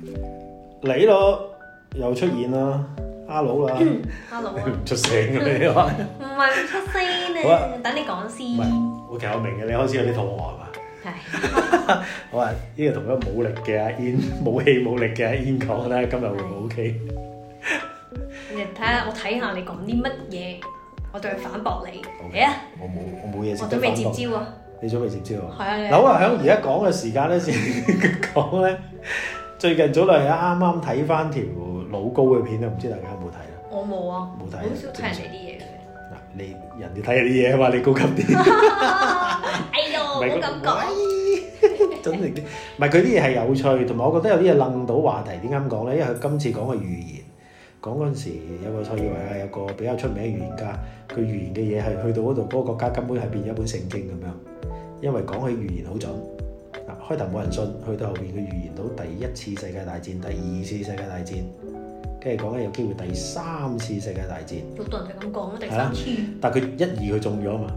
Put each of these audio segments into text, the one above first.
你咯，又出現啦 ，hello 啦，hello 唔出聲嘅你，唔係唔出聲咧，啊、等你講先。唔係，OK，我明嘅，你開始有啲肚餓係嘛？係。好啊，在在呢個同一個冇力嘅阿 Ian，冇氣冇力嘅阿 Ian 講啦，今日會唔 ok？你睇下，我睇下你講啲乜嘢，我對佢反駁你。係我冇我冇嘢，我都未接招啊。你準備接招啊？係啊。劉阿響而家講嘅時間咧先講咧。最近早兩日啱啱睇翻條老高嘅片啦，唔知大家有冇睇啦？我冇啊，冇睇看，好少睇人哋啲嘢嘅。嗱，你人哋睇嗰啲嘢話你高級啲， 哎呦，冇咁講。真係唔係，佢啲嘢係有趣，同埋我覺得有啲嘢冧到話題。點解咁講咧？因為佢今次講嘅預言，講嗰陣時有個塞爾維亞有個比較出名嘅預言家，佢預言嘅嘢係去到嗰度嗰個國家根本係變咗一本聖經咁樣，因為講起預言好準。開頭冇人信，去到後邊佢預言到第一次世界大戰、第二次世界大戰，跟住講緊有機會第三次世界大戰，好多人就咁講第三次，但係佢一二佢中咗啊嘛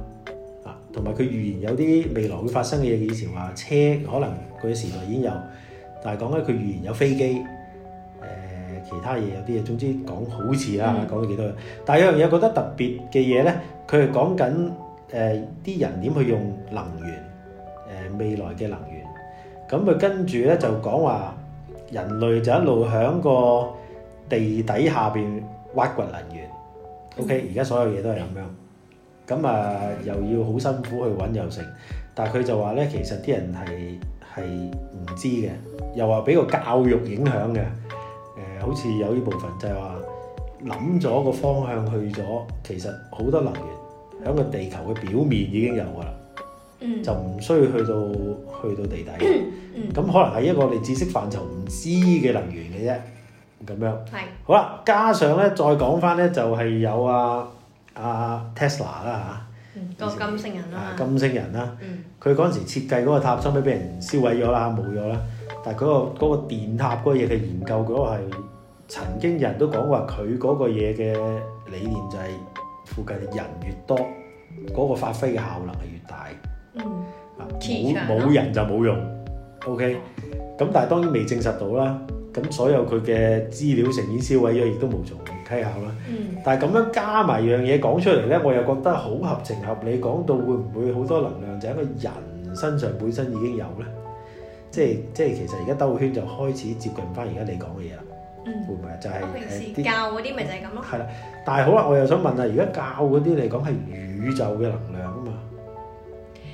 啊，同埋佢預言有啲未來會發生嘅嘢。以前話車，可能個時代已經有，但係講緊佢預言有飛機，誒、呃、其他嘢有啲嘢，總之講好似啦，講咗幾多。但係有樣嘢覺得特別嘅嘢咧，佢係講緊誒啲人點去用能源，誒、呃、未來嘅能源。咁佢跟住咧就講話人類就一路響個地底下邊挖掘能源，嗯，OK，而家所有嘢都係咁樣。咁啊又要好辛苦去揾又成，但係佢就話咧，其實啲人係係唔知嘅，又話俾個教育影響嘅，誒、呃，好似有呢部分就係話諗咗個方向去咗，其實好多能源響個地球嘅表面已經有㗎啦，嗯、就唔需要去到。去到地底嘅，咁、 嗯、可能係一個你知識範疇唔知嘅能源嘅啫，咁樣。係。是 好啦，加上咧，再講翻咧，就係、是、有啊啊 Tesla 啦嚇，嗯，那個金星人啦、啊啊。金星人啦、啊。佢嗰陣時設計嗰個塔，收尾俾人燒毀咗啦，冇咗啦。但係、那、佢個嗰、那個電塔嗰嘢嘅研究嗰個係，曾經有人都講話佢嗰個嘢嘅理念就係附近人越多嗰、那個發揮嘅效能係越大。嗯。冇冇人就冇用，OK，咁但係當然未證實到啦。咁所有佢嘅資料成件銷毀咗，亦都無從稽考啦。嗯。但係咁樣加埋樣嘢講出嚟呢，我又覺得好合情合理。講到會唔會好多能量就喺一個人身上本身已經有呢？即係即係其實而家兜個圈就開始接近翻而家你講嘅嘢啦。嗯。會唔會就係？我平時教嗰啲咪就係咁咯。係啦，但係好啦，我又想問下，而家教嗰啲嚟講係宇宙嘅能量。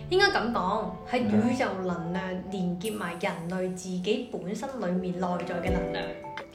應該咁講，係宇宙能量連結埋人類自己本身裡面內在嘅能量。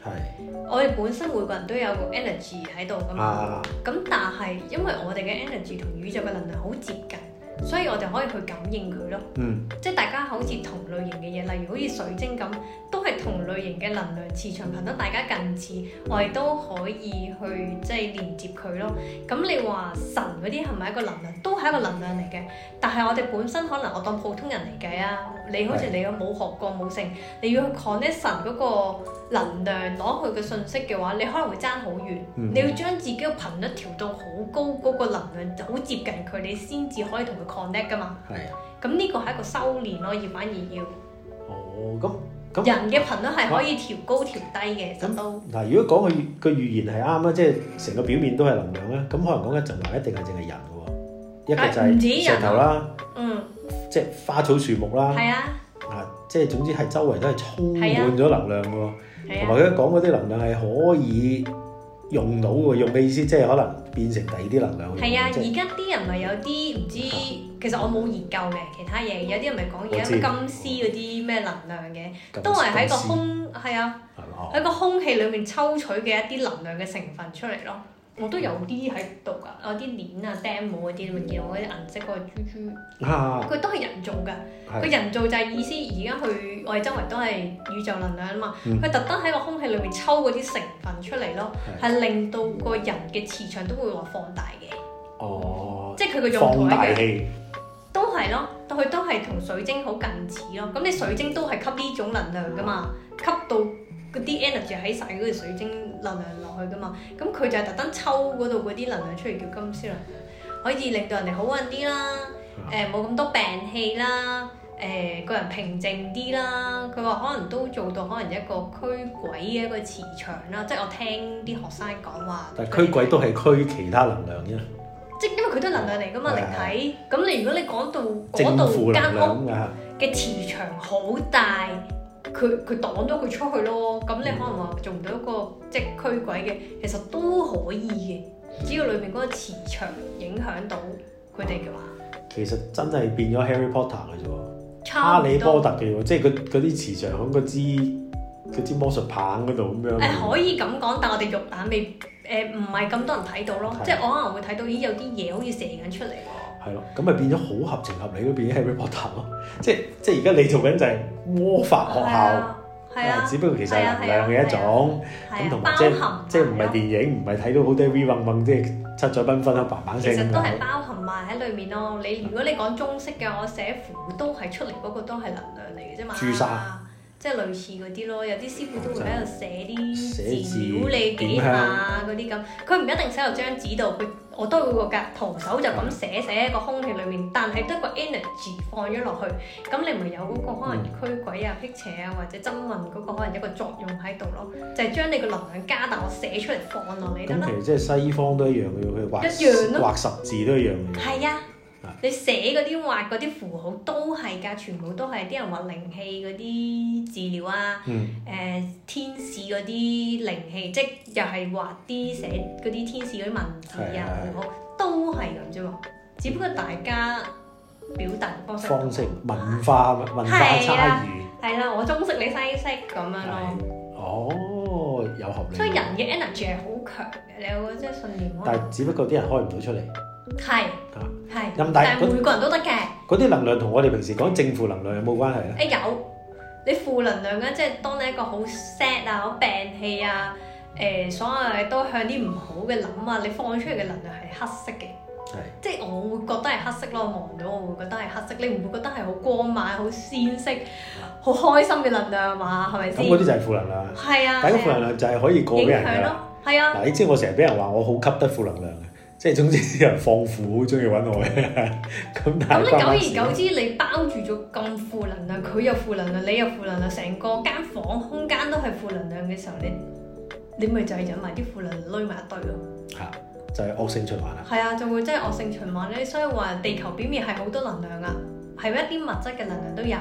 係、mm。Hmm. 我哋本身每個人都有個 energy 喺度噶嘛。咁、ah. 但係因為我哋嘅 energy 同宇宙嘅能量好接近。所以我哋可以去感應佢咯，嗯，即係大家好似同類型嘅嘢，例如好似水晶咁，都係同類型嘅能量磁場，頻率大家近似，我哋都可以去即係、就是、連接佢咯。咁你話神嗰啲係咪一個能量？都係一個能量嚟嘅，但係我哋本身可能我當普通人嚟計啊。你好似你又冇學過冇成，你要去 connect 神嗰個能量攞佢嘅信息嘅話，你可能會爭好遠。嗯、哼你要將自己嘅頻率調到好高，嗰、嗰個能量好接近佢，你先至可以同佢 connect 噶嘛。係，咁呢個係一個修煉咯、啊，而反而要。哦，咁咁人嘅頻率係可以調高、嗯、調低嘅都。嗱，如果講佢，佢預言係啱啦，即係成個表面都係能量啦，咁可能講緊就唔一定係淨係人嘅喎，一個就係石頭啦。哎、人頭嗯。即係花草樹木啦，係啊，啊即係總之係周圍都係充滿咗能量喎，同埋佢講嗰啲能量係可以用到喎，用嘅意思即係可能變成第二啲能量。係啊，而家啲人咪有啲唔知，其實我冇研究嘅其他嘢，有啲人咪講而家金絲嗰啲咩能量嘅，斯都係喺個空係斯啊，喺、啊、個空氣裡面抽取嘅一啲能量嘅成分出嚟咯。我都有啲喺度噶，有啲鏈啊、釘帽嗰啲，你明我啲銀色嗰個珠珠，佢、啊、都係人造噶。佢是人造就係意思，而家佢我哋周圍都係宇宙能量啊嘛。佢、嗯、特登喺個空氣裏面抽嗰啲成分出嚟咯，係是令到個人嘅磁場都會話放大嘅。哦，即係佢嘅用途係一樣。放大器都係咯，但係都係同水晶好近似咯。咁你水晶都係吸呢種能量噶嘛，嗯、吸到。嗰啲 energy 喺晒嗰個水晶能量落去噶嘛，咁佢就係特登抽嗰度嗰啲能量出嚟叫金絲能量，可以令到人哋好運啲啦，誒、嗯，冇咁、呃、多病氣啦，誒、呃，個人平靜啲啦，佢話可能都做到可能一個驅鬼嘅一個磁場啦，即係我聽啲學生講話。但驅鬼都係驅其他能量啫。即係因為佢都係能量嚟噶嘛，你睇，咁你如果你講到嗰度間屋嘅磁場好大。嗯佢佢擋咗佢出去咯，咁你可能話做唔到一個即係驅鬼嘅，其實都可以嘅，只要裏面嗰個磁場影響到佢哋嘅話，其實真係變咗 Harry Potter 嘅啫喎，差唔多哈利波特嘅喎，即係佢啲磁場響支支魔術棒嗰度咁樣。誒可以咁講，但係我哋肉眼未誒唔係咁多人睇到咯，的即係我可能會睇到咦有啲嘢好似射緊出嚟。係咯，咁咪變咗好合情合理咯，變咗係 report 咯，即係即係而家你做緊就係魔法學校，係啊，只不過其實能量嘅一種，咁同即係即係唔係電影，唔係睇到好多 V 揾揾即係七彩繽紛啊，嘭嘭聲其實都係包含埋喺裡面咯。你如果你講中式嘅，我寫符都係出嚟，嗰個都係能量嚟嘅啫嘛。即係類似嗰啲咯，有啲師傅都會喺度寫啲字，描字你幾下嗰啲咁。佢唔樣一定寫喺張紙度，佢我都會個格，徒手就咁寫寫喺個空氣裏面。的但係得個 energy 放咗落去，咁你咪有嗰個可能驅鬼啊、嗯、辟邪啊或者鎮魂嗰個可能一個作用喺度咯。就係、是、將你個能量加大，我寫出嚟放落你得啦。嗯、其實即係西方都一樣嘅，佢畫一樣、啊、畫十字都一樣嘅。係呀的。你寫嗰啲畫嗰啲符號都係㗎，全部都係啲人畫靈氣嗰啲資料啊，誒、嗯呃、天使嗰啲靈氣，即又係畫啲寫嗰啲天使嗰啲文字啊，的都係咁啫喎。只不過大家表達方式、方式、文化、啊、文化差異係啦，我中式你西式咁樣咯。哦，有合理。所以人嘅 energy 係好、啊、強嘅，你有冇即係信念、啊？但係只不過啲人開唔到出嚟。係，係任大，但係每個人都得嘅。嗰啲能量同我哋平時講正負能量有冇關係咧？誒、欸，有，你負能量咧，即係當你一個好 sad 啊、好病氣啊、誒、呃，所有嘢都向啲唔好嘅諗啊，你放出嚟嘅能量係黑色嘅，是即係我會覺得係黑色咯，望到我會覺得係黑色。你唔會覺得係好光猛、好鮮色、好開心嘅能量嘛？係咪先？咁嗰啲就係負能量。係啊，但係負能量就係可以過俾人嘅。啊、影響咯，係啊。嗱，你知我成日俾人話我好吸得負能量嘅。即係總之啲人放苦，中意揾我嘅。咁咁久而久之，你包住咗咁負能量，佢又負能量，你又負能量，成個間房空間都係負能量嘅時候，你你咪就係引埋啲負能量累埋一堆咯。嚇、啊！就係、是、惡性循環啦。係啊，仲、啊、會真係惡性循環咧。所以話地球表面係好多能量噶，係一啲物質嘅能量都有。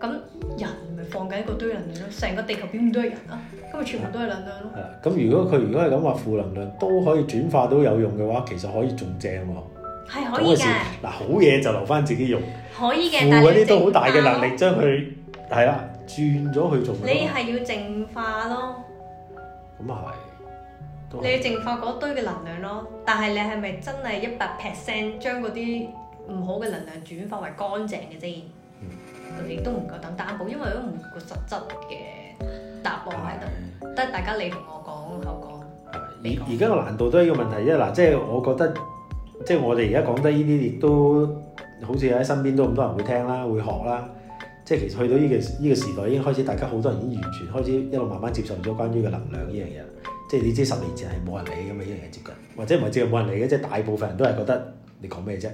咁人咪放緊嗰堆能量咯，成個地球表面都係人啊。因為全部都係能量咯。係、嗯，咁如果佢如果係咁話負能量都可以轉化到有用嘅話，其實可以仲正喎。係可以嘅，嗱，好嘢就留翻自己用。可以嘅，負嗰啲都好大嘅能力將，將佢係啦轉咗去做。你係要淨化咯。咁啊係。你要淨化嗰堆嘅能量咯，但係你係咪真係一百 percent 將嗰啲唔好嘅能量轉化為乾淨嘅啫？亦都唔夠膽擔保，因為都唔夠實質嘅。答案喺度，得大家你同我講口講。而而家個難度都係一個問題，即係嗱，即係我覺得，即係我哋而家講得呢啲亦都好似喺身邊都咁多人會聽啦，會學啦。即係其實去到呢個呢個時代，已經開始，大家好多人已經完全開始一路慢慢接受咗關於個能量呢樣嘢。即係你知，十年前係冇人理咁嘅呢樣嘢接近，或者唔係淨係冇人理嘅，即係大部分人都係覺得你講咩啫，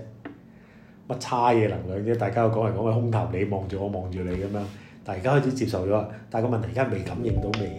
乜差嘢能量啫，大家講嚟講去空談，你望住我望，望住你咁樣。但而家開始接受咗，但係個問題而家未感應到，未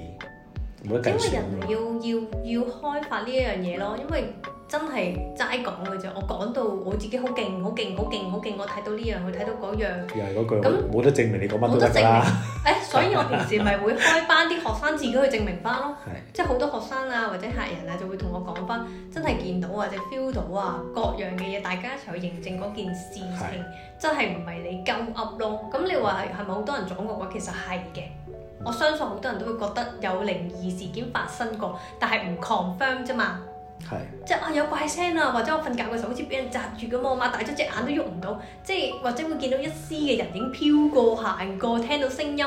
冇得計數。因為人哋要要要開發呢一樣嘢咯，因為。真係齋講嘅啫，我講到我自己好勁，好勁，好勁，好勁，我睇到呢樣，我睇到嗰樣，又係嗰句，冇那得證明你講乜都得啦。冇得證明。誒、 哎，所以我平時咪會開班啲學生自己去證明翻咯， 即係好多學生啊或者客人啊就會同我講翻，真係見到啊或者 feel 到啊，各樣嘅嘢，大家一齊去認證嗰件事情， 真係唔係你鳩噏咯。咁 你話係咪好多人撞過？其實係嘅，我相信好多人都會覺得有靈異事件發生過，但係唔 confirm 啫嘛。係，是即係啊有怪聲啊，或者我瞓覺嘅時候好似俾人紮住咁啊嘛，我大咗隻眼都喐唔到，即係或者會見到一絲嘅人影飄過行過，過，聽到聲音，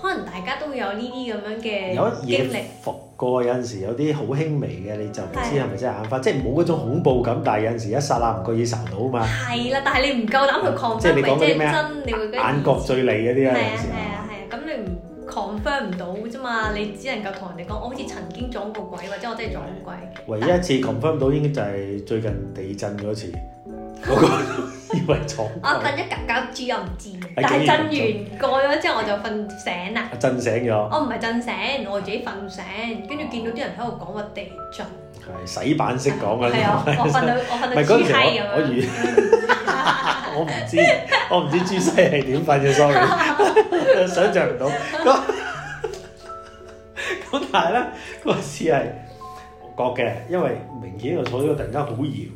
可能大家都會有呢啲咁樣嘅經歷。伏嘢過，有陣時有啲好輕微嘅你就唔知係咪真係眼花，啊、即係冇嗰種恐怖感，但係有陣時一剎那唔覺意受到啊嘛。係啦、啊，但係你唔夠膽去抗拒，那即係咩啊？你會眼角最利嗰啲啊，有陣時。confirm 唔到啫嘛，你只能夠同人哋講，我好似曾經撞過鬼，或者我真係撞鬼。的但 唯一一次 confirm 唔到，應該就係最近地震嗰次，我以為撞。 我瞓一覺覺豬又唔知，但係震完過咗之後我就瞓醒啦。啊。震醒咗？我唔係震醒，我自己瞓醒，跟住見到啲人喺度講話地震。係洗版式講㗎啦。係啊， 我瞓到我瞓到黐閪咁樣。 我唔知，我唔知朱西係點瞓嘅，sorry，想象唔到。咁咁但係咧，嗰次係覺嘅，因為明顯我坐咗，突然間好搖。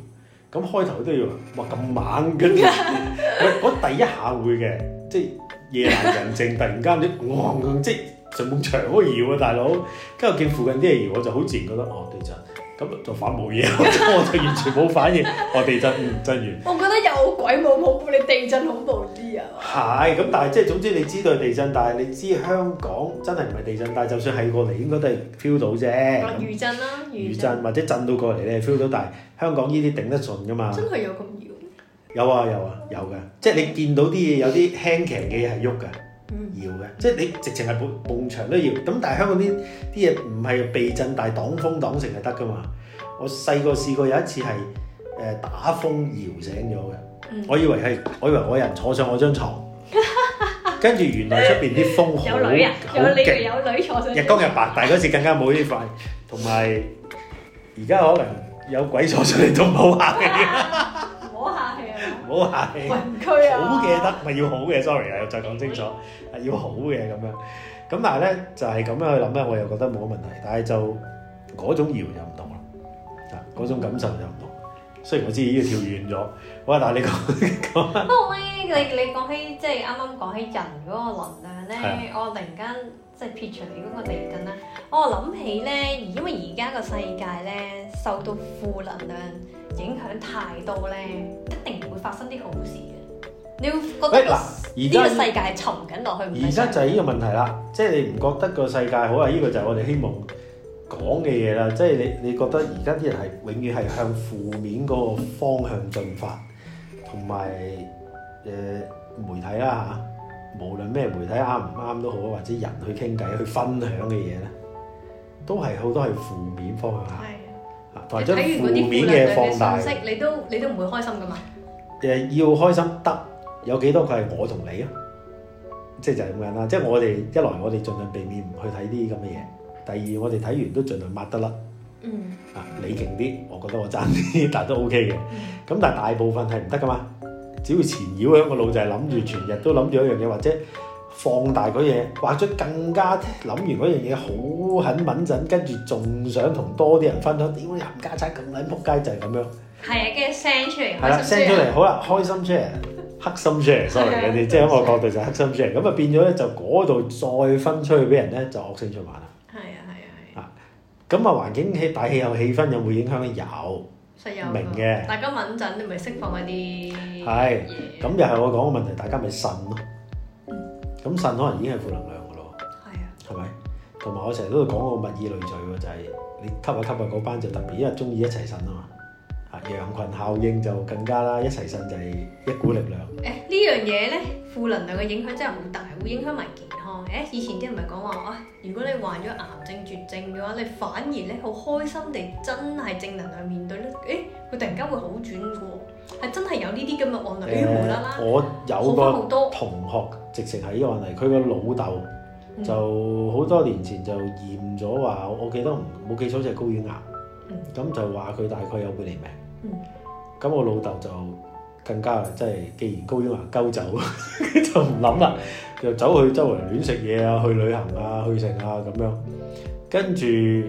咁開頭都要話咁猛，跟住嗰第一下會嘅，即係夜闌人靜，突然間啲昂、 嗯嗯，即係上半場都搖啊，大佬。跟住見附近啲嘢搖，我就好自然覺得哦，地震。咁就反無嘢，我就 完全冇反應。 我地震唔震完。嗯、 我覺得有鬼冇恐怖，你地震恐怖啲啊嘛。係，咁但係即係總之你知道係地震，但係你知香港真係唔係地震，但係就算係過嚟應該都係 feel 到啫。嗱、啊，餘震啦，餘震或者震到過嚟你咧，feel 到，但係香港呢啲頂得順㗎嘛。真係有咁搖、啊？有啊有啊有嘅，即係你見到啲嘢有啲輕巧嘅嘢係喐㗎。嗯、搖嘅，即係你直情係碰牆都搖。咁但係香港啲啲嘢唔係避震，但係擋風擋成係得㗎嘛。我細個試過有一次係誒打風搖醒咗嘅、嗯，我以為係，我以為我人坐上我張床，跟住 原來出邊啲風有女、啊，有你哋有女坐上日光日白，大係嗰時更加冇呢塊，同埋而家可能有鬼坐上嚟都唔好客氣。唔、啊、好係，好嘅得，咪要好嘅。Sorry 啊，再講清楚，係要好嘅咁樣。咁但係咧，就係、是、咁樣去諗咧，我又覺得冇乜問題。但係就嗰種搖又唔同啦，嗱，嗰種感受又唔同。嗯、雖然我知已經跳遠咗，哇噓！但係你講講，不過咧，你你講起即係啱啱講起人嗰個能量咧，啊、我突然間。即係撇除你嗰個地震啦，我諗起咧，而因為而家個世界咧受到負能量影響太多咧，一定唔會發生啲好事嘅。你會覺得呢、這個欸、個世界係沉緊落去，而家就係呢個問題啦。即係你唔覺得個世界好啊？呢、這個就係我哋希望講嘅嘢啦。即係你你覺得而家啲人係永遠係向負面嗰個方向進發，同埋誒媒體啦、啊、嚇。無論咩媒體啱唔啱都好，或者人去傾偈去分享嘅嘢咧，都係好多係負面方向下。啊的，同埋將負面嘅放大，你都你都唔會開心噶嘛？誒，要開心得有幾多？佢、就、係、是就是、我同你啊，即係就咁樣啦。即係我哋一來我哋盡量避免唔去睇啲咁嘅嘢，第二我哋睇完都儘量抹得甩。嗯。啊，你勁啲，我覺得我爭啲，但都 OK 嘅。咁、嗯、但係大部分係唔得噶嘛。只要纏繞喺個腦就係諗住，全日都諗住一樣嘢，或者放大嗰嘢，或者更加諗完嗰樣嘢好肯穩陣，跟住仲想同多啲人分享，點解冚家鏟咁撚仆街就係、是、咁樣？係啊，跟住 send 出嚟，係啦，send 出嚟，好啦，開心 share， 黑心 share 對。sorry 嗰啲，即係喺我角度就黑心 share。咁啊變咗咧，就嗰度再分出去俾人咧，就惡性循環啦。係啊，係啊，係啊。咁啊，環境氣大氣又氣氛有冇影響有。明嘅，大家敏陣，你咪釋放一啲，係，咁又係我講個問題，大家咪呻咯，咁呻可能已經係負能量噶咯，係啊的，係咪？同埋我成日都講個物以類聚喎，就係、是、你吸下吸下嗰班就特別，因為中意一齊呻啊嘛，啊，羊群效應就更加啦，一齊呻就係一股力量。誒、欸、呢樣嘢咧，負能量嘅影響真係好大。會影響埋健康。誒，以前啲人咪講話，啊、哎，如果你患咗癌症絕症嘅話，你反而咧好開心地真係正能量面對咧，誒、哎，佢突然間會好轉嘅喎，係真係有呢啲咁嘅案例。呃、端我有好，好多同學直情係呢個案例，佢個老豆就好多年前就驗咗話，我記得唔冇記錯、嗯、就係高血壓，咁就話佢大概有半年命。咁、嗯、我老豆就。更加即係，既然高英華勾走， 就唔諗啦，就走去周圍亂食嘢啊，去旅行啊，去食啊咁樣。跟住誒，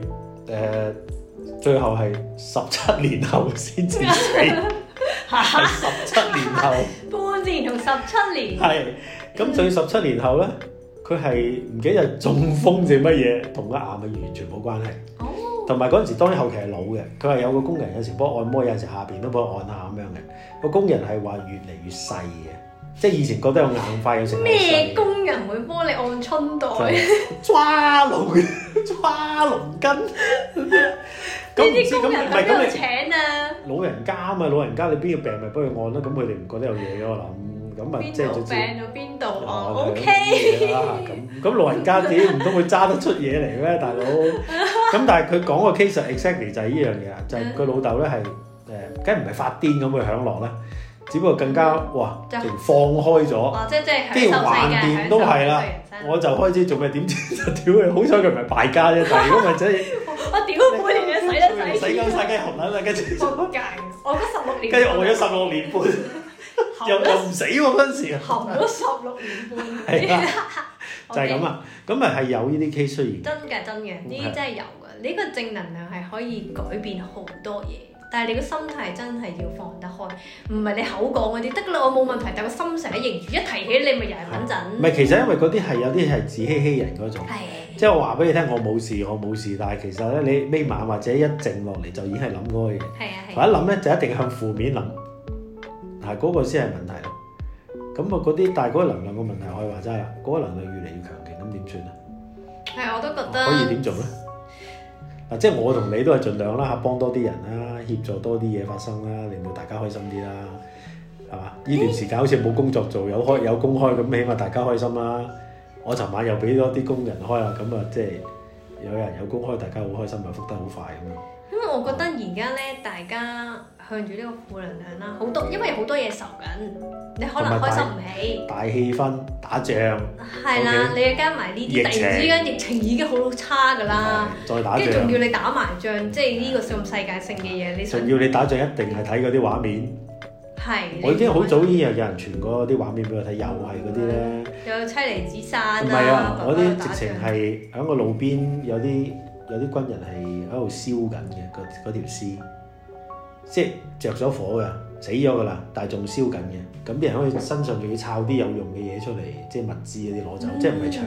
最後係十七年後先至死，十七 年後， 半年同十七年，係咁，所以十七年後咧，佢係唔記得中風定乜嘢，同個癌咪完全冇關係。 oh. 同埋嗰陣時，當然後期係老嘅。佢話有個工人有時幫按摩，有陣時下邊都幫佢按下咁樣嘅。個工人係話越嚟越細嘅，即係以前覺得有硬塊嘅。咩工人會幫你按春袋？抓龍抓龍筋。咁啲 工人係咩請啊？老人家啊嘛，老人家你邊個病咪幫佢按咯，咁佢哋唔覺得有嘢咯，我諗。咁咪即係就病到邊度？OK，咁咁老人家點唔通會揸得出嘢嚟咩？大佬，咁但係佢講個 case exactly 就係呢樣嘢啦，就係佢老豆咧係誒，梗係唔係發癲咁去享樂啦？只不過更加哇，突然放開咗，即既然橫掂都係啦，我就開始做咩？點知就屌佢，好彩佢唔係敗家啫，但係如果咪真係我屌半年使得晒，死咁曬含撚啦，跟住我嗰十六年，跟住我咗十六年半。又又唔死喎，當時啊，行咗十六年半，就係咁啊，咁咪係有呢啲 case，雖然真嘅真嘅，呢啲真係有噶。你個正能量係可以改變好多嘢，但係你個心態真係要放得開，唔係你口講嗰啲得啦，我冇問題，但係我心成日認住，一提起你咪又係緊陣。唔係，其實因為嗰啲係有啲係自欺欺人嗰種，即係我話俾你聽，我冇事，我冇事，但係其實咧，你咩晚或者一靜落嚟就已經係諗嗰個嘢。係啊係。我一諗咧，就一定向負面諗。係嗰個先係問題咯，咁啊嗰啲，但係嗰個能量個問題，我話齋啦，嗰個能量越嚟越強勁，咁點算啊？係，我都覺得可以點做咧？嗱，即係我同你都係盡量啦，吓幫多啲人啦，協助多啲嘢發生啦，令到大家開心啲啦，係嘛？呢段時間好似冇工作做，有開有工開，咁起碼大家開心啦。我尋晚又俾多啲工人開啊，咁啊，即係有人有工開，大家好開心，咪復得好快咁啊。因為我覺得而家咧，大家。向住呢個負能量啦，好多因為好多嘢愁緊，你可能開心唔起。大氣氛打仗係啦，你加埋呢啲突然之間疫情已經好差㗎啦，再打仗，跟住仲要你打埋仗，即係呢個咁世界性嘅嘢。你仲要你打仗一定係睇嗰啲畫面，係我已經好早已經有人傳過啲畫面俾我睇，又係嗰啲咧，有妻離子散。唔係啊，嗰啲直情係喺個路邊有啲有啲軍人係喺度燒緊嘅嗰嗰條屍。即係着咗火嘅，死咗噶啦！但仲燒緊嘅，咁啲人可以身上仲要抄啲有用嘅嘢出嚟，即係物資嗰啲攞走，嗯、即係唔係搶。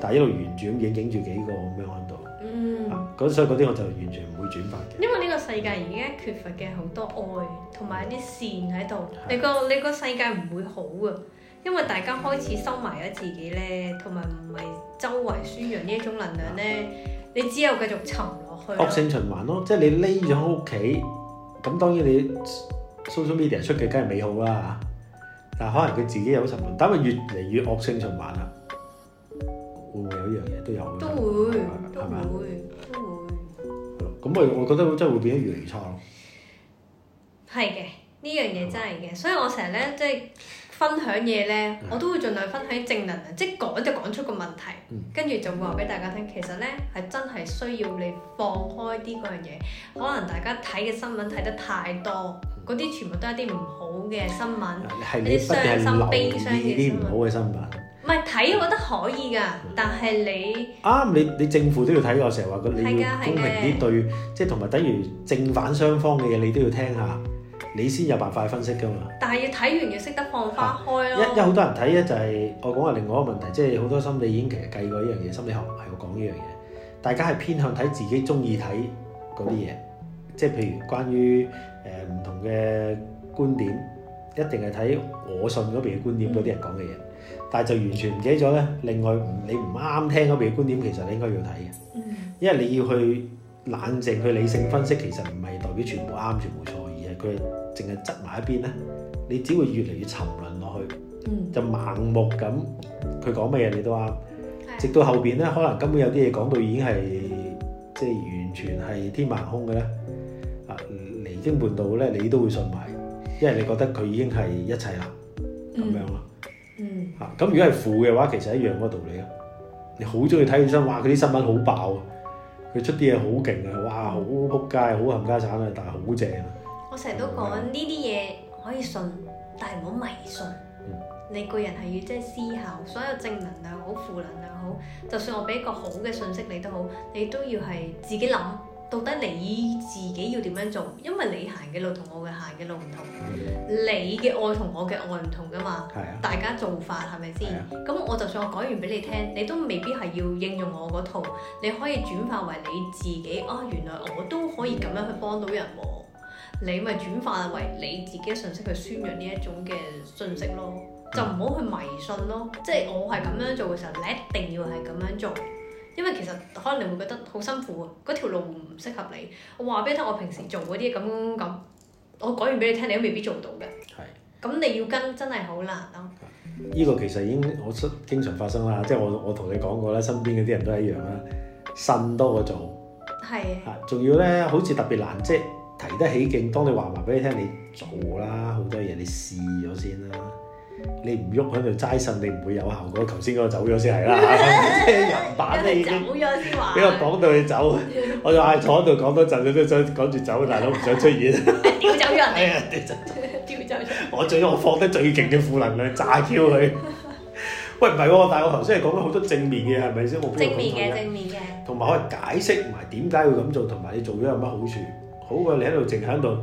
但係一路旋轉，影影住幾個咁樣喺度。嗯、啊，所以嗰啲我就完全唔會轉發嘅。因為呢個世界而家缺乏嘅好多愛，同埋啲善喺度、啊這個，你個你個世界唔會好啊。因為大家開始收埋咗自己咧，同埋唔係周圍宣揚呢一種能量咧，啊、你只有繼續沉落去惡性循環咯。即係你匿咗喺屋企。咁當然你 social media 出嘅梗係美好啦，但係可能佢自己有循環，但係越嚟越惡性循環啦，會唔會有呢樣嘢都有？都會，係咪會？吧都會，都會。係咯，咁我我覺得真係會變得越嚟越差咯。係嘅，呢樣嘢真係嘅，所以我成日咧即係。就是分享嘢呢，我都會盡量分享正能量，即講就講出個問題，跟住就會話俾大家聽。其實呢係真係需要你放開啲嗰樣嘢。可能大家睇嘅新聞睇得太多，嗰啲全部都係啲唔好嘅新聞，啲傷心悲傷嘅新聞。唔係睇，我覺得可以㗎，但係你啱，你你政府都要睇。我成日話佢你要公平啲，係呀，係呀。對，即係同埋，等如正反雙方嘅嘢你都要聽下。你先有辦法分析㗎嘛？但係要睇完，嘢識得放返開咯。啊、一一好多人睇咧，就係我講話，另外一個問題，即係好多心理已經其實計過呢樣嘢。心理學係講呢樣嘢，大家係偏向睇自己中意睇嗰啲嘢，即係譬如關於誒、呃、唔同嘅觀點，一定係睇我信嗰邊嘅觀點嗰啲人講嘅嘢。嗯、但係就完全唔記得咗咧，另外你唔啱聽嗰邊嘅觀點，其實你應該要睇嘅，因為你要去冷靜去理性分析，其實唔係代表全部啱，全部錯。佢淨係側埋一邊咧，你只會越嚟越沉淪落去，嗯、就盲目咁佢講乜嘢你都啱，直到後邊咧，可能根本有啲嘢講到已經係即係完全係天馬行空嘅咧，啊離經叛道嘅咧，你都會信埋，因為你覺得佢已經係一切啊咁樣咯，嚇咁如果係負嘅話，其實一樣嗰個道理咯，你好中意睇起身，哇！佢啲新聞好爆，佢出啲嘢好勁啊，哇！好撲街，好冚家產啊，但係好正啊！我成日都講呢啲嘢可以信，但係唔好迷信。嗯、你個人係要即係思考，所有正能量好、負能量好，就算我俾一個好嘅信息你都好，你都要係自己諗到底你自己要點樣做，因為你行嘅路同我嘅行嘅路唔同，的你嘅愛同我嘅愛唔同噶嘛。的大家做法係咪先？咁的我就算我講完俾你聽，你都未必係要應用我嗰套，你可以轉化為你自己。啊，原來我都可以咁樣去幫到人喎。你咪轉化為你自己嘅信息去宣揚呢一種嘅信息咯，就唔好去迷信咯。即係我係咁樣做嘅時候，你一定要係咁樣做，因為其實可能你會覺得好辛苦啊，嗰條路唔適合你。我話俾你聽，我平時做嗰啲咁咁，我講完俾你聽，你都未必做到嘅。係是。咁你要跟真係好難咯。呢個其實已經我出經常發生啦，即係我我同你講過啦，身邊嗰啲人都係一樣啦，信多過做。係是。啊，仲要咧，好似特別難啫。提得起勁，當你話話俾你聽，你做啦，好多嘢你試咗先啦。你唔喐喺度齋呻，你唔會有效果。頭先嗰個走咗先係啦，車 人板咧已經俾我講到你走， 我就嗌坐喺度講多陣，我都想趕住走。大佬唔想出現，掉 走人 我最我放得最勁嘅負能量炸跳佢。 喂唔係喎，但係頭先係講咗好多正面嘅，係咪先？正面嘅，正面嘅，同埋可以解釋埋點解要咁做，同埋你做咗有乜好處。好啊！你喺度靜喺度，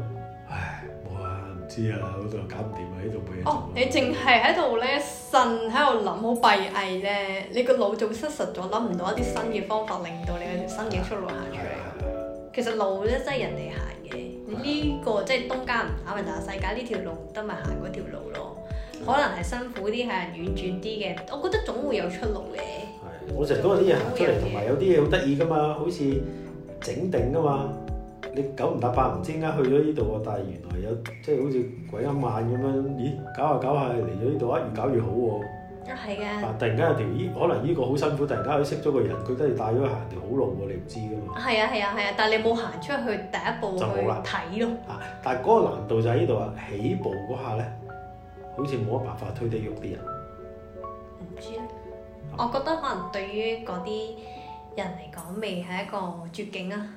唉冇啊，唔知啊，嗰度搞唔掂啊，喺度冇嘢哦，你淨係喺度咧，神喺度諗好閉翳咧，你個腦仲失實咗，諗唔到一啲新嘅方法，令到你嘅新嘅出路行出嚟。哎、呀其實路咧，真係人哋行嘅，呢、哎呀呢個即係東家唔打咪打西家，呢條路唔得咪行嗰條路咯。可能係辛苦啲，係轉轉啲嘅。我覺得總會有出路嘅。係，我成日都話啲嘢行出嚟，同埋有啲嘢好得意㗎嘛，好似整定㗎嘛。九唔搭八唔知點解去咗呢度喎，但係原來有即係好似鬼咁慢咁樣，咦？搞下搞下嚟咗呢度啊，越搞越好喎。啊，係嘅的。啊，突然間有條咦，可能呢個好辛苦，突然間佢識咗個人，佢都係帶咗行條好路喎，你唔知噶嘛。係啊係啊係啊，但係你冇行出去第一步去就，就好難睇咯。啊、但係嗰個難度就喺呢度啊，起步嗰下咧，好似冇乜辦法推得喐啲人。唔知咧。我覺得可能對於嗰啲人嚟講，未係一個絕境啊。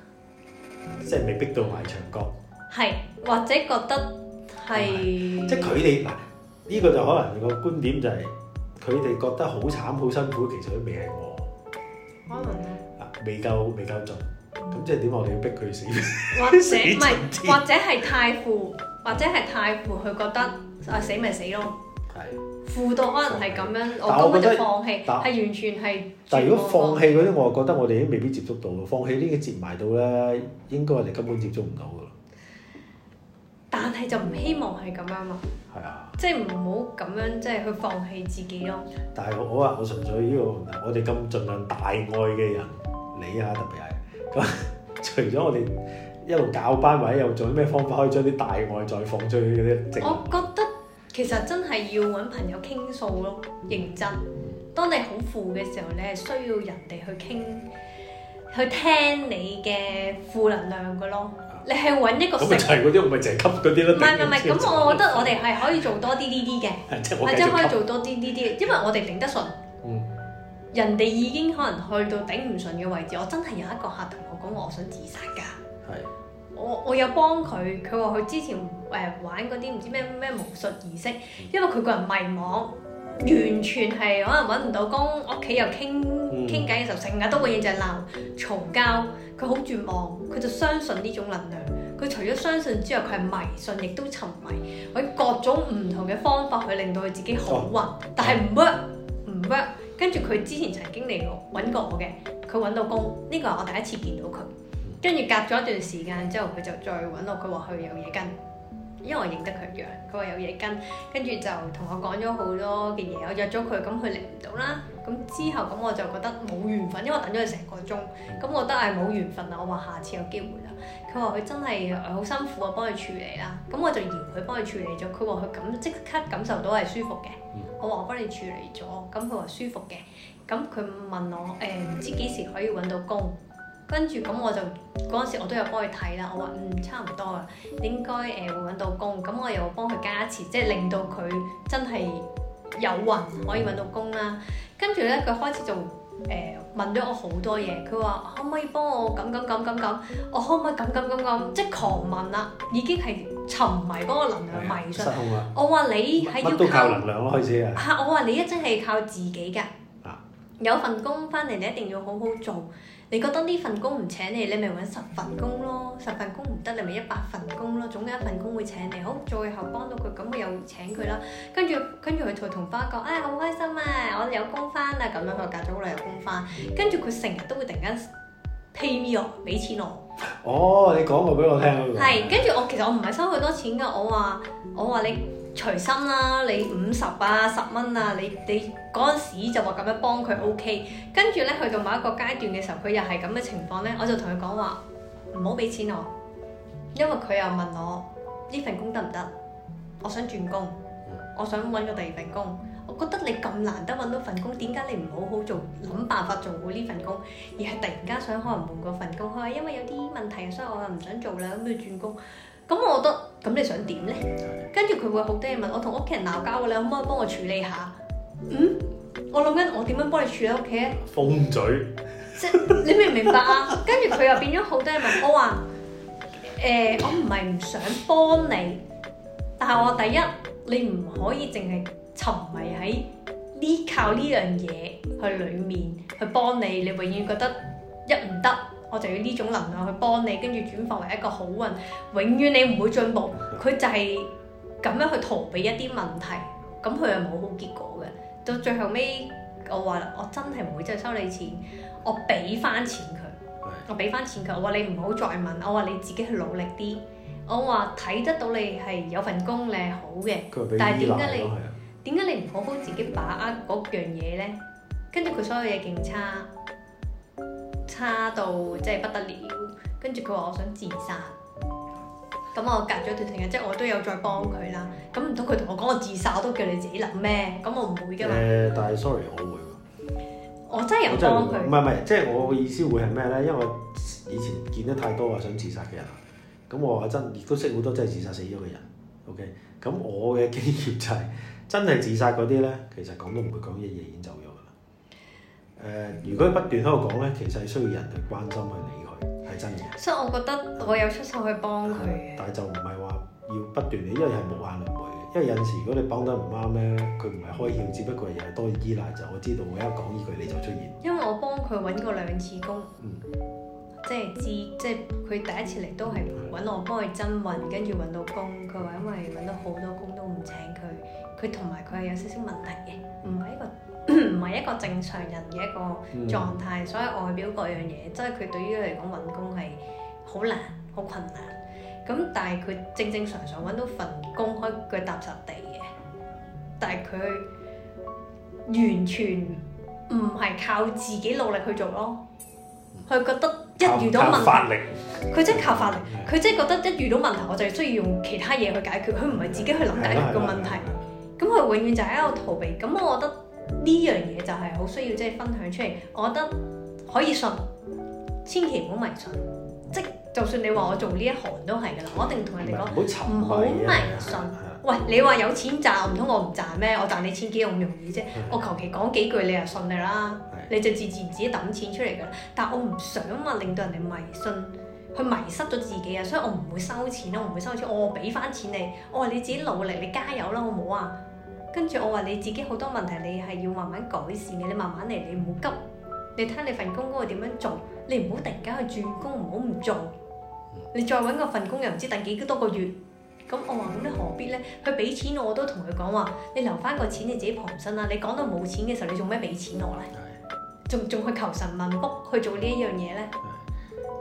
即係未逼到埋牆角，係或者覺得係、啊，即係佢哋嗱呢個就可能個觀點就係、是，佢哋覺得好慘好辛苦，其實都未係喎，可能、嗯、啊，未夠未夠盡，咁、嗯、即係點我哋要逼佢死，搵者 死係是，或者係太負，或者係太負，佢覺得啊死咪死咯。係輔導可能係咁樣，我當佢就放棄，係但完全係。但係如果放棄嗰啲，我就覺得我哋已經都未必接觸到咯。放棄呢個接埋到咧，應該我哋根本接觸唔到噶。但係就唔希望係咁樣嘛。係啊。即係唔好咁樣，即、就、係、是、去放棄自己咯。但係我話我，我純粹呢、這個我哋咁盡量大愛嘅人，你啊特別係咁， 除咗我哋一路教班，或者有做啲咩方法可以將啲大愛再放出去啲，我其實真係要揾朋友傾訴咯，認真。當你好負嘅時候，你係需要人哋去傾，去聽你嘅負能量㗎咯。啊、你係揾一個。咁咪係嗰啲，我咪就係吸嗰啲咯。唔係唔係，咁我覺得我哋係可以做多啲呢啲嘅， 或者可以做多啲呢啲嘅，因為我哋頂得順。嗯、人哋已經可能去到頂唔順嘅位置，我真係有一個客同我講話，我想自殺㗎。我我有幫佢，佢話佢之前誒、呃、玩嗰啲唔知咩咩巫術儀式，因為佢個人迷茫，完全係可能揾唔到工，屋企又傾傾偈嘅時候成日都會嘢就係鬧嘈交，佢好絕望，佢就相信呢種能量。佢除咗相信之外，佢係迷信，亦都沉迷，揾各種唔同嘅方法去令到佢自己好運，但係唔 work 唔 work。跟住佢之前曾經嚟過揾過我嘅，佢揾到工，呢、這個係我第一次見到佢。跟住隔咗一段時間之後，佢就再揾我。佢話佢有嘢跟，因為我認得佢樣。佢話有嘢跟，跟住就同我講咗好多嘅嘢。我約咗佢，咁佢嚟唔到啦。咁之後咁我就覺得冇緣分，因為我等咗佢成個鐘。咁我覺得係冇緣分啦。我話下次有機會啦。佢話佢真係好辛苦啊，幫佢處理啦。咁我就嫌佢幫佢處理咗。佢話佢感即刻感受到係舒服嘅。我話幫你處理咗，咁佢話舒服嘅。咁佢問我誒，嗯，唔知幾時可以揾到工？跟住咁我就嗰陣時我都有幫佢睇啦，我話嗯，差唔多啦，應該誒、呃、會揾到工。咁我又幫佢加一次，即係令到佢真係有運可以揾到工啦。跟住咧，佢開始就誒、呃、問咗我好多嘢，佢話可唔可以幫我咁咁咁咁咁？我可唔可以咁咁咁咁？即係狂問啦，已經係沉迷嗰個能量迷信。失控啊！我話你係要靠，靠能量咯，開始啊！嚇！我話你一真係靠自己㗎。啊、有份工翻嚟，你一定要好好做。你覺得呢份工唔請你，你咪揾十份工咯，十份工唔得，你咪一百份工咯，總有一份工會請你。好，最後幫到佢，咁佢又請佢啦。他跟住跟住佢同同花講，啊、哎，好開心啊，我有工返啊，咁樣佢隔咗好耐有工返。跟住佢成日都會突然間。pay me 哦，俾錢我。哦，oh, 你講過俾我聽。係，跟住我其實我唔係收好多錢㗎，我話我話你隨心啦，你五十啊，十蚊啊，你啊啊你嗰陣時就話咁樣幫佢 OK。跟住咧，去到某一個階段嘅時候，佢又係咁嘅情況咧，我就同佢講話唔好俾錢我，因為佢又問我呢份工得唔得？我想轉工，我想揾個第二份工。覺得你咁難得揾到份工，點解你唔好好做，諗辦法做好呢份工，而係突然間想可能換過份工開？因為有啲問題，所以我又唔想做啦，咁要轉工。咁我覺得，咁你想點呢？跟住佢會好多嘢問我同屋企人鬧交㗎啦，你可唔可以幫我處理下？嗯，我諗緊我點樣幫你處理屋企咧？風嘴。即你明唔明白啊？跟住佢又變咗好多嘢問我話，誒，我唔係唔想幫你，但係我第一，你唔可以淨係。沉迷喺呢靠呢樣嘢去裏面去幫你，你永遠覺得一唔得，我就要呢種能量去幫你，跟住轉化為一個好運，永遠你唔會進步，佢就係咁樣去逃避一啲問題，咁佢係冇好結果嘅。到最後尾，我話，我真係唔會再收你錢，我俾翻錢佢，我俾翻錢佢。我話，你唔好再問，我話，你自己去努力啲。我話，睇得到你係有份工你，你係好嘅，但係點解你點解你唔好好自己把握嗰樣嘢咧？跟住佢所有嘢勁差，差到真係不得了。跟住佢話我想自殺，咁我隔咗段時間，即係我都有再幫佢啦。咁唔通佢同我講我自殺我都叫你自己諗咩？咁我唔會㗎嘛。誒、呃，但係 sorry，我會。我真係有幫佢，唔係唔係，即係、就是、我嘅意思會係咩咧？因為我以前見得太多話想自殺嘅人，咁我話真亦都識好多真係自殺死咗嘅人。OK，咁我嘅經驗就係、是。真係自殺嗰啲呢，其實講都唔會講啲嘢，已經走咗㗎啦。誒、呃，如果不斷喺度講呢，其實係需要人去關心去理佢，係真嘅。所以、嗯，我覺得我有出手去幫佢、嗯嗯。但係就唔係話要不斷嘅，因為係無限輪迴嘅。因為有時如果你幫得唔啱呢，佢唔係開竅，只不過係多啲依賴。就我知道，我一講呢句你就出現。因為我幫佢揾過兩次工。即係自即係佢第一次嚟都係揾我幫佢真運，跟住揾到工。佢話因為揾到好多工都唔請佢。佢同埋佢係有少少問題嘅，唔係一個唔係一個正常人嘅一個狀態，所以外表各樣嘢，即係佢對於佢嚟講揾工係好難、好困難。咁但係佢正正常常揾到份工，開腳踏實地嘅。但係佢完全唔係靠自己努力去做咯。佢覺得一遇到問題，佢真係靠法力。佢真係覺得一遇到問題，我就需要用其他嘢去解決。佢唔係自己去諗解決個問題。咁佢永遠就喺度逃避，咁我覺得呢樣嘢就係好需要即係分享出嚟。我覺得可以信，千祈唔好迷信。即就算你話我做呢一行都係噶啦，我一定同人哋講唔好迷信。啊、喂，你話有錢賺，唔通的我唔賺咩？我賺你錢幾咁容易啫？的我求其講幾句你又信你啦，的你就自自然自己揼錢出嚟噶。但我唔想啊，令到人哋迷信，去迷失咗自己啊，所以我唔會收錢咯，唔會收錢，我俾翻錢，錢你，我話你，你自己努力，你加油啦，好唔好啊？跟住我話你自己好多問題，你係要慢慢改善嘅。你慢慢嚟，你唔好急。你睇你份工嗰個點樣做，你唔好突然間去轉工，唔好唔做。你再揾個份工又唔知等幾多個月。咁我話咁你何必呢？佢俾錢我，我都同佢講話，你留翻個錢你自己傍身啦。你講到冇錢嘅時候，你做咩俾錢我呢？仲仲去求神問卜去做呢一樣嘢呢？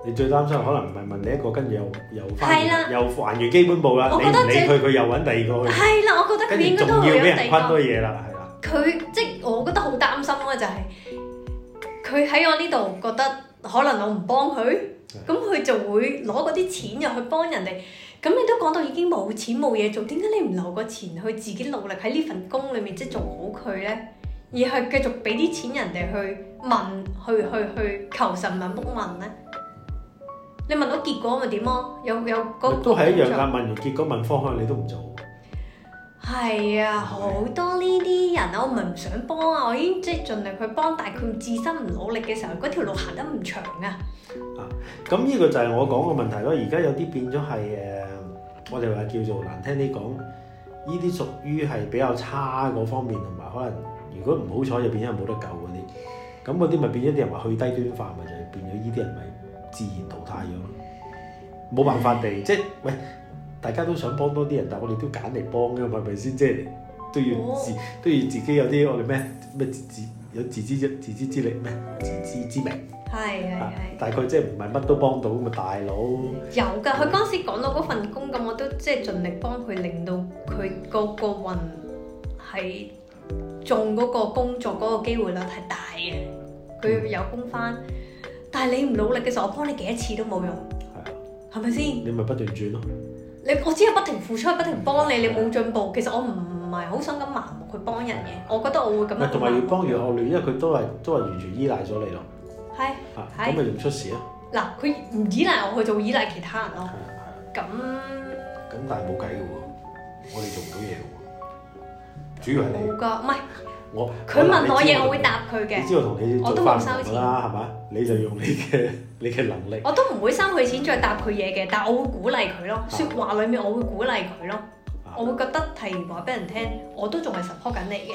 你最擔心可能唔係問你一個，跟住又又翻的又還原基本步啦，我覺得你理佢佢又揾第二個去，係啦，我覺得跟住著仲要俾人坑多嘢啦，係啦。佢即係我覺得好擔心嘅就係佢喺我呢度覺得可能我唔幫佢，咁佢的就會攞嗰啲錢入去幫人哋。咁你都講到已經冇錢冇嘢做，點解你唔留個錢去自己努力喺呢份工裏面即做好佢咧？而係繼續俾啲錢人哋去問，去去去，去，去求神問卜問咧？你問到結果咪點咯？有有都係一樣㗎。問完結果問方向，你都唔做。係啊，好吧多呢啲人啊，我唔係唔想幫啊。我已經即係盡力去幫，但係佢自身唔努力嘅時候，嗰條路行得唔長啊。啊，咁呢個就係我講嘅問題咯。而家有啲變咗係誒，我哋話叫做難聽啲講，呢啲屬於係比較差嗰方面，同埋可能如果唔好彩就變咗冇得救嗰啲。咁嗰啲咪變咗啲人話去低端化，咪就係變咗呢啲人咪自然大咗，冇辦法地，即係喂，大家都想幫多啲人，但係我哋都揀嚟幫㗎嘛，係咪先？即係都要自都要自己有啲我哋咩咩自知有自知之自知之明咩？自知之明係係係，大概即係唔係乜都幫到咁啊？大佬有㗎，佢嗰陣時講到嗰份工咁，我都即係盡力幫佢，令到佢個個運喺中嗰個工作嗰個機會率係大嘅，佢有工返。但係你唔努力嘅時候，我幫你幾多次都冇用，係啊，係咪先？你咪不斷轉咯。你我只有不停付出、不停幫你，你冇進步。其實我唔係好想咁盲目去幫人嘅，我覺得我會咁樣。同埋越幫越惡劣，因為佢都係都係完全依賴咗你咯。係，咁咪唔出事咯。嗱，佢唔依賴我，佢就依賴其他人咯。係啊係啊。咁咁但係冇計嘅喎，我哋做唔到嘢嘅喎，主要係你。噶，唔係。佢問我嘢，我，我，我會答佢嘅。你知道我，你我都冇收錢啦，係嘛？你就用你嘅 你嘅能力。我都唔會收佢錢再答佢嘢嘅，但係我會鼓勵佢咯。説、啊、話裡面我會鼓勵佢咯，啊、我會覺得提話俾人聽，我都仲係 support 緊你嘅，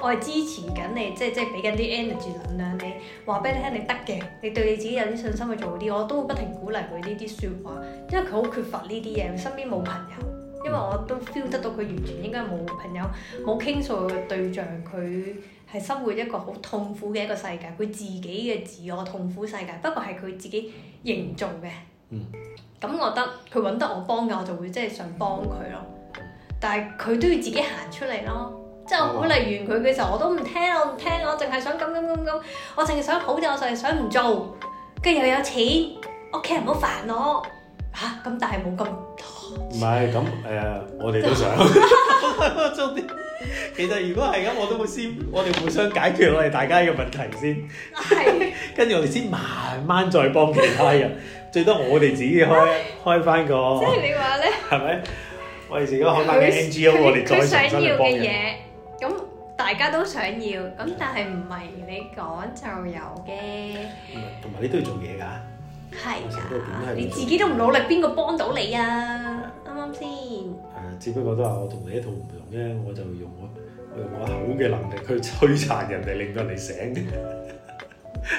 我係支持緊你，即係即係俾緊啲 energy 能量你，你。話俾你聽，你得嘅，你對你自己有啲信心去做啲，我都會不停鼓勵佢呢啲説話，因為佢好缺乏呢啲嘢，身邊冇朋友。因為我都 feel 得到佢完全應該冇朋友冇傾訴嘅對象，佢係生活一個好痛苦嘅一個世界，佢自己嘅自我痛苦世界。不過係佢自己營造嘅。嗯。咁我覺得佢揾得我幫嘅，我就會即係想幫佢咯。但係佢都要自己行出嚟咯。即係我鼓勵完佢嘅時候，我都唔聽，我唔聽，我淨係想咁咁咁咁，我淨係想抱住，我淨係想唔做，跟住又有錢，屋企人唔好煩我。嚇咁、啊，但係冇咁唔係咁誒，我哋都想 其實如果係咁，我都會先，我哋互相解決我哋大家嘅問題先。係。跟住我哋先慢慢再幫其他人，最多我哋自己開 開翻個。即係你話咧，係咪？我哋自己開翻啲 NGO，我哋再成真幫人。佢想要嘅嘢，咁大家都想要，咁但係唔係你講就有嘅。同埋，同埋你都要做嘢㗎。係你自己都唔努力，邊個幫到你啊？啱啱先？誒剛，只不過都話我同你一套唔同啫，我就用我，我用我口嘅能力去摧殘人哋，令到人哋醒嘅。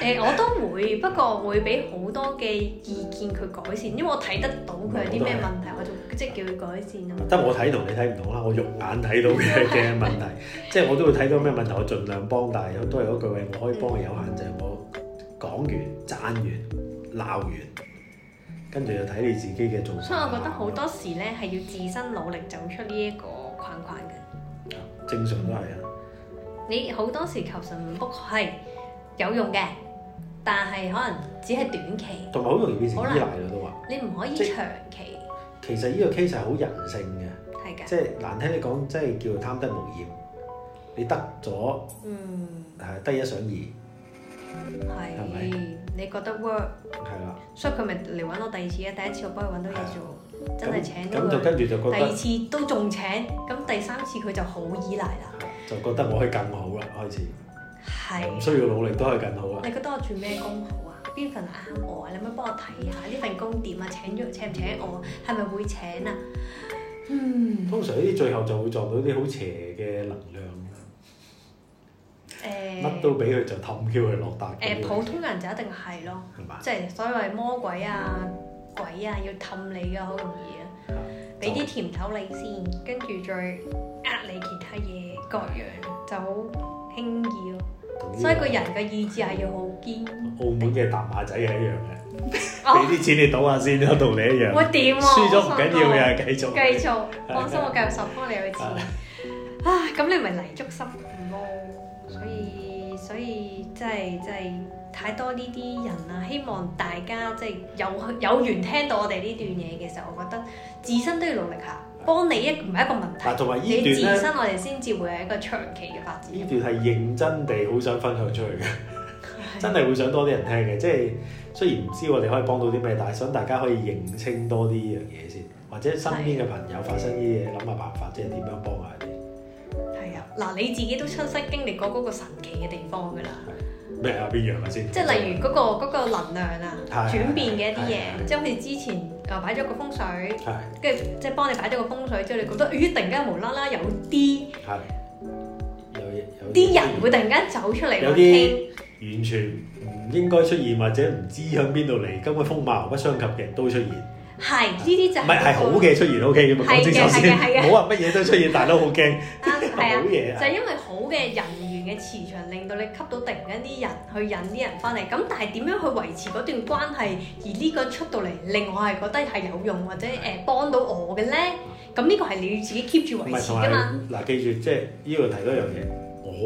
誒、 欸，我都會，不過會俾好多嘅意見佢改善，因為我睇得到佢有啲咩問題，啊、我就即係叫佢改善啊嘛。得我睇同你睇唔到啦，我肉眼睇到嘅嘅問題，即係 我都會睇到咩問題，我盡量幫，但係都係嗰句話，嗯、我可以幫嘅有限，制，我講完、贊完。鬧完，跟住就睇你自己嘅造化。所以，我覺得好多時咧係要自身努力走出呢一個框框嘅。正常都係啊。你好多時求神問卜係有用嘅，但係可能只係短期。同埋好容易變成依賴嘞都話。你唔可以長期。即係、其實呢個 case 係好人性嘅。係㗎的。即係難聽你講，即、就、係、是、叫做貪得無厭。你得咗，嗯，係得一想二。係，你覺得 work 係啦，吧所以佢咪嚟揾我第二次啊？第一次我幫佢揾到嘢做，的真係請咗咁就跟住就覺得第二次都仲請，咁第三次佢就好依賴啦，就覺得我可以更好啦，開始係的需要努力都係更好啊！你覺得我做咩工好啊？邊份啱我啊？你可唔可以幫我睇下呢份工點啊？請咗請唔請我？係咪、嗯、會請啊？嗯，通常呢啲最後就會撞到啲好邪嘅能量。乜都俾佢就氹佢落大。誒，普通人就一定係咯，即係所謂魔鬼啊、鬼啊，要氹你嘅好容易啊，俾啲甜頭你先，跟住再呃你其他嘢各樣就好輕易咯。所以個人嘅意志係要好堅。澳門嘅疊碼仔係一樣嘅，俾啲錢你賭下先，都同你一樣。會點？輸咗唔緊要，又係繼續。繼續，放心，我繼續十波你嘅錢。啊，咁你咪泥足深。即係即係太多呢啲人啦！希望大家即係有有緣聽到我哋呢段嘢嘅時候，我覺得自身都要努力下，幫你一唔係的一個問題。同埋呢段你自身我哋先至會係一個長期嘅發展。呢段係認真地好想分享出去嘅， 的真係會想多啲人聽嘅。即係雖然唔知我哋可以幫到啲咩，但係想大家可以認清多啲呢樣嘢先，或者身邊嘅朋友發生啲嘢，諗下的辦法，即係點樣幫下佢哋。係啊，嗱你自己都親身經歷過嗰個神奇嘅地方㗎啦。咩啊？邊樣啊？先，即係例如嗰個嗰個能量啊，的轉變嘅一啲嘢，即係好似之前啊擺咗個風水，跟住即係幫你擺咗個風水之後，你覺得咦、呃、突然間無啦啦有啲係有啲人會突然間走出嚟，有啲些聊完全唔應該出現或者唔知響邊度嚟，根本風貌不相及嘅都出現。係，呢啲就係唔係係好嘅出現 OK 嘅嘛？嘅，清楚。先，好啊乜嘢都出現， 但都 的 好驚、啊，好嘢就因為好嘅人員嘅磁場，令到你吸到突然間啲人去引啲人翻嚟。咁但係點樣去維持嗰段關係？而呢個出到嚟，令我係覺得係有用或者誒幫到我嘅咧？咁呢的個係你要自己 keep 住維持噶嘛？嗱、呃，記住即係呢、這個提多樣嘢，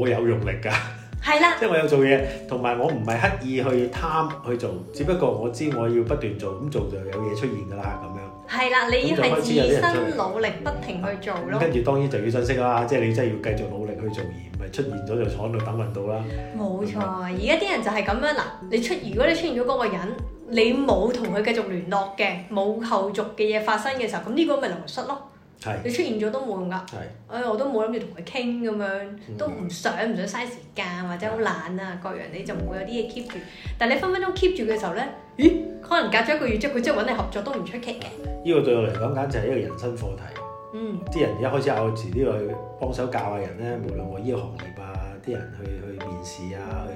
我有用力㗎。 係啦，即係我有做嘢，同埋我唔係刻意去貪去做，只不過我知我要不斷做，咁做就有嘢出現噶啦，咁樣。係啦，你要係自身努力，不停去做咯。跟住，嗯、當然就要珍惜啦，即係你真係要繼續努力去做，而唔係出現咗就坐喺度等運到啦。冇錯，而家啲人就係咁樣嗱，你出如果你出現咗嗰個人，你冇同佢繼續聯絡嘅，冇後續嘅嘢發生嘅時候，咁呢個咪流失咯。是你出現咗都冇用噶，是哎我都冇諗住同佢傾咁樣，嗯、都唔想唔想嘥時間或者好懶啊各樣，你就唔會有啲嘢 keep 住。但你分分鐘 keep 住嘅時候咧，咦？可能隔咗一個月之後佢即係揾你合作都唔出奇嘅。呢個對我嚟講簡直係一個人生課題。嗯。啲人一開始拗住呢去幫手教下人咧，無論我呢個行業啊，啲人去去面試啊，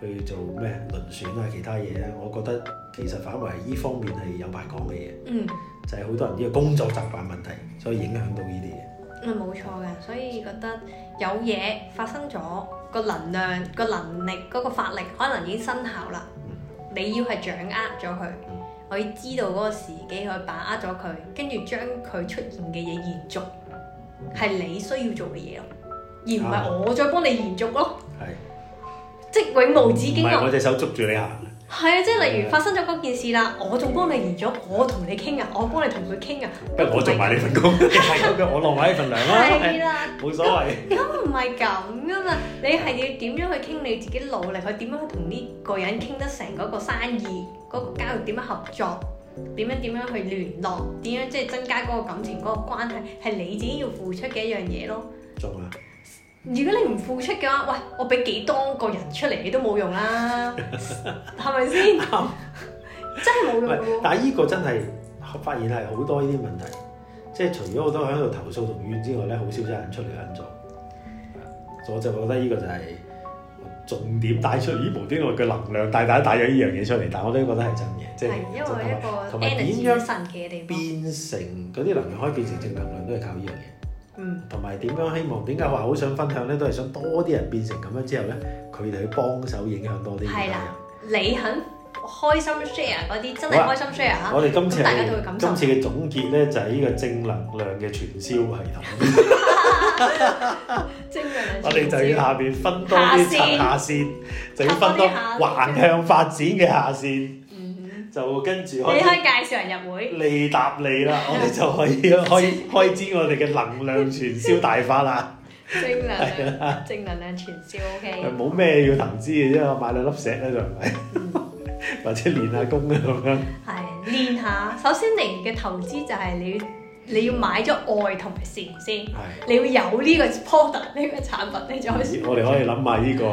去去做咩輪選啊其他嘢咧，我覺得其實反為依方面係有排講嘅嘢。嗯。就係好多人呢個工作習慣問題，所以影響到呢啲嘢。嗯，冇錯嘅，所以覺得有嘢發生咗，個能量、個能力、嗰個法力可能已經生效啦。你要係掌握咗佢，我要知道嗰個時機去把握咗佢，跟住將佢出現嘅嘢延續，係你需要做嘅嘢咯，而唔係我再幫你延續咯。係、啊。的即永無止境。唔、嗯、我隻手捉住你行。係啊，即係例如發生咗嗰件事啦，的我仲幫你移咗，我同你傾啊，我幫你同佢傾啊，不如我做埋你份工，我落埋呢份糧啦，係啦 的，冇所謂。咁唔係咁噶嘛，你係要點樣去傾你自己努力，去點樣去同呢個人傾得成嗰個生意，嗰、嗰個交易點樣合作，點樣點樣去聯絡，點樣即係增加嗰個感情嗰、嗰個關係，係你自己要付出嘅一樣嘢咯，做啊。如果你唔付出嘅話，喂，我俾幾多個人出嚟，你都冇用啦，係咪先？ 真係冇沒用，但係呢個真係發現係好多呢啲問題，即係除咗好多喺度投訴同怨之外咧，好少真人出嚟揾做。 我就覺得呢個就係重點帶出嚟。咦，無端端嘅能量大大帶咗呢樣嘢出嚟，但係我都覺得係真嘅，即係因為個有有一個點樣神奇嘅地方，變成嗰啲能量可以變成正能量都，都係靠呢樣嘢。嗯，同埋點樣希望？點解話好想分享咧？都係想多啲人變成咁樣之後咧，佢哋去幫手影響多啲人。係你肯開心 share 嗰啲，真係開心 share 嚇。我哋今次大家對佢感。今次嘅總結咧，就喺、是、呢個正能量嘅傳銷系統。我哋就要下邊分多啲下線，就要分多橫向發展嘅下線。就跟住可，可以介紹人入會，利疊利啦，我哋就可以開開展我哋嘅能量傳銷大法啦。正能量， 的正能量傳銷 OK。冇咩要投資嘅，因為我買兩粒石咧就係， 或者練下功咁樣。係練下，首先嚟嘅投資就係你要你要買咗愛同埋善先，的你要有呢個 product 呢個產品，的產品你就可以。我哋可以諗下呢個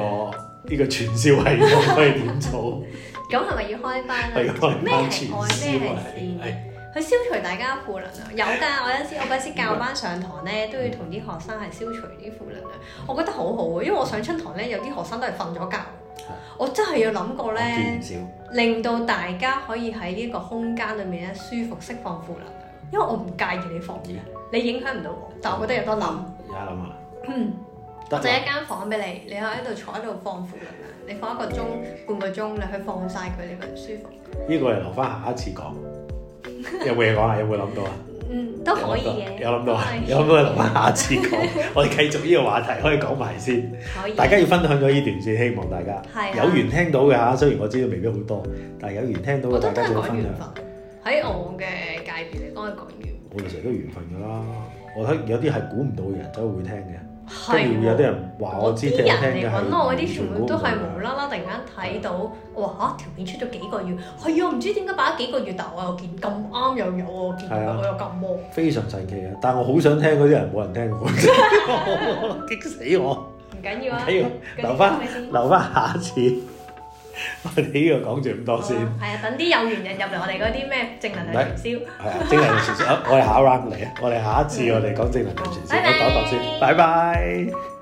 呢、這個傳銷系統可以點做？ 咁係咪要開班咧？咩係愛，咩係善？去消除大家負能量。有㗎，我有時我嗰時教班上堂咧，都要同啲學生係消除啲負能量。我覺得好好啊，因為我上春堂咧，有啲學生都係瞓咗覺。的我真係要諗過咧，令到大家可以喺呢一個空間裏面咧舒服釋放負能量。因為我唔介意你放煙，你影響唔到我，但我覺得有得諗。而家諗下。 就一間房俾你，你可以喺度坐喺度放符啦。你放一個鐘、半個鐘，你去放晒佢，你咪舒服。呢個係留翻下一次講。有冇嘢講啊？有冇諗到啊？嗯，都可以嘅。有諗到啊？有諗到留翻下一次講。我哋繼續呢個話題，可以講埋先。可以。大家要分享咗呢段先，希望大家有緣聽到嘅嚇。雖然我知道未必好多，但係有緣聽到嘅大家要分享。喺我嘅界別嚟講係講緣分。我哋成日都緣分㗎啦。我睇有啲係估唔到嘅人真會聽嘅。係，有啲人話我知嘅啲人嚟揾我，啲全部都係無啦啦，突然間睇到，哇嚇，條片出咗幾個月，係啊，唔知點解擺咗幾個月，但我又見咁啱又有，我見我又咁喎。非常神奇啊！但係我好想聽嗰啲人，冇人聽過。激死我！唔緊要啊，留翻，留翻下一次。我哋呢個講住咁多先，啊，係啊，等啲有緣人入嚟，我哋嗰啲咩正能量傳銷。係、嗯、啊，正能量傳銷，我哋下一 round 嚟啊。我哋下一次我哋講、嗯、正能量傳銷，我講一講先，拜拜。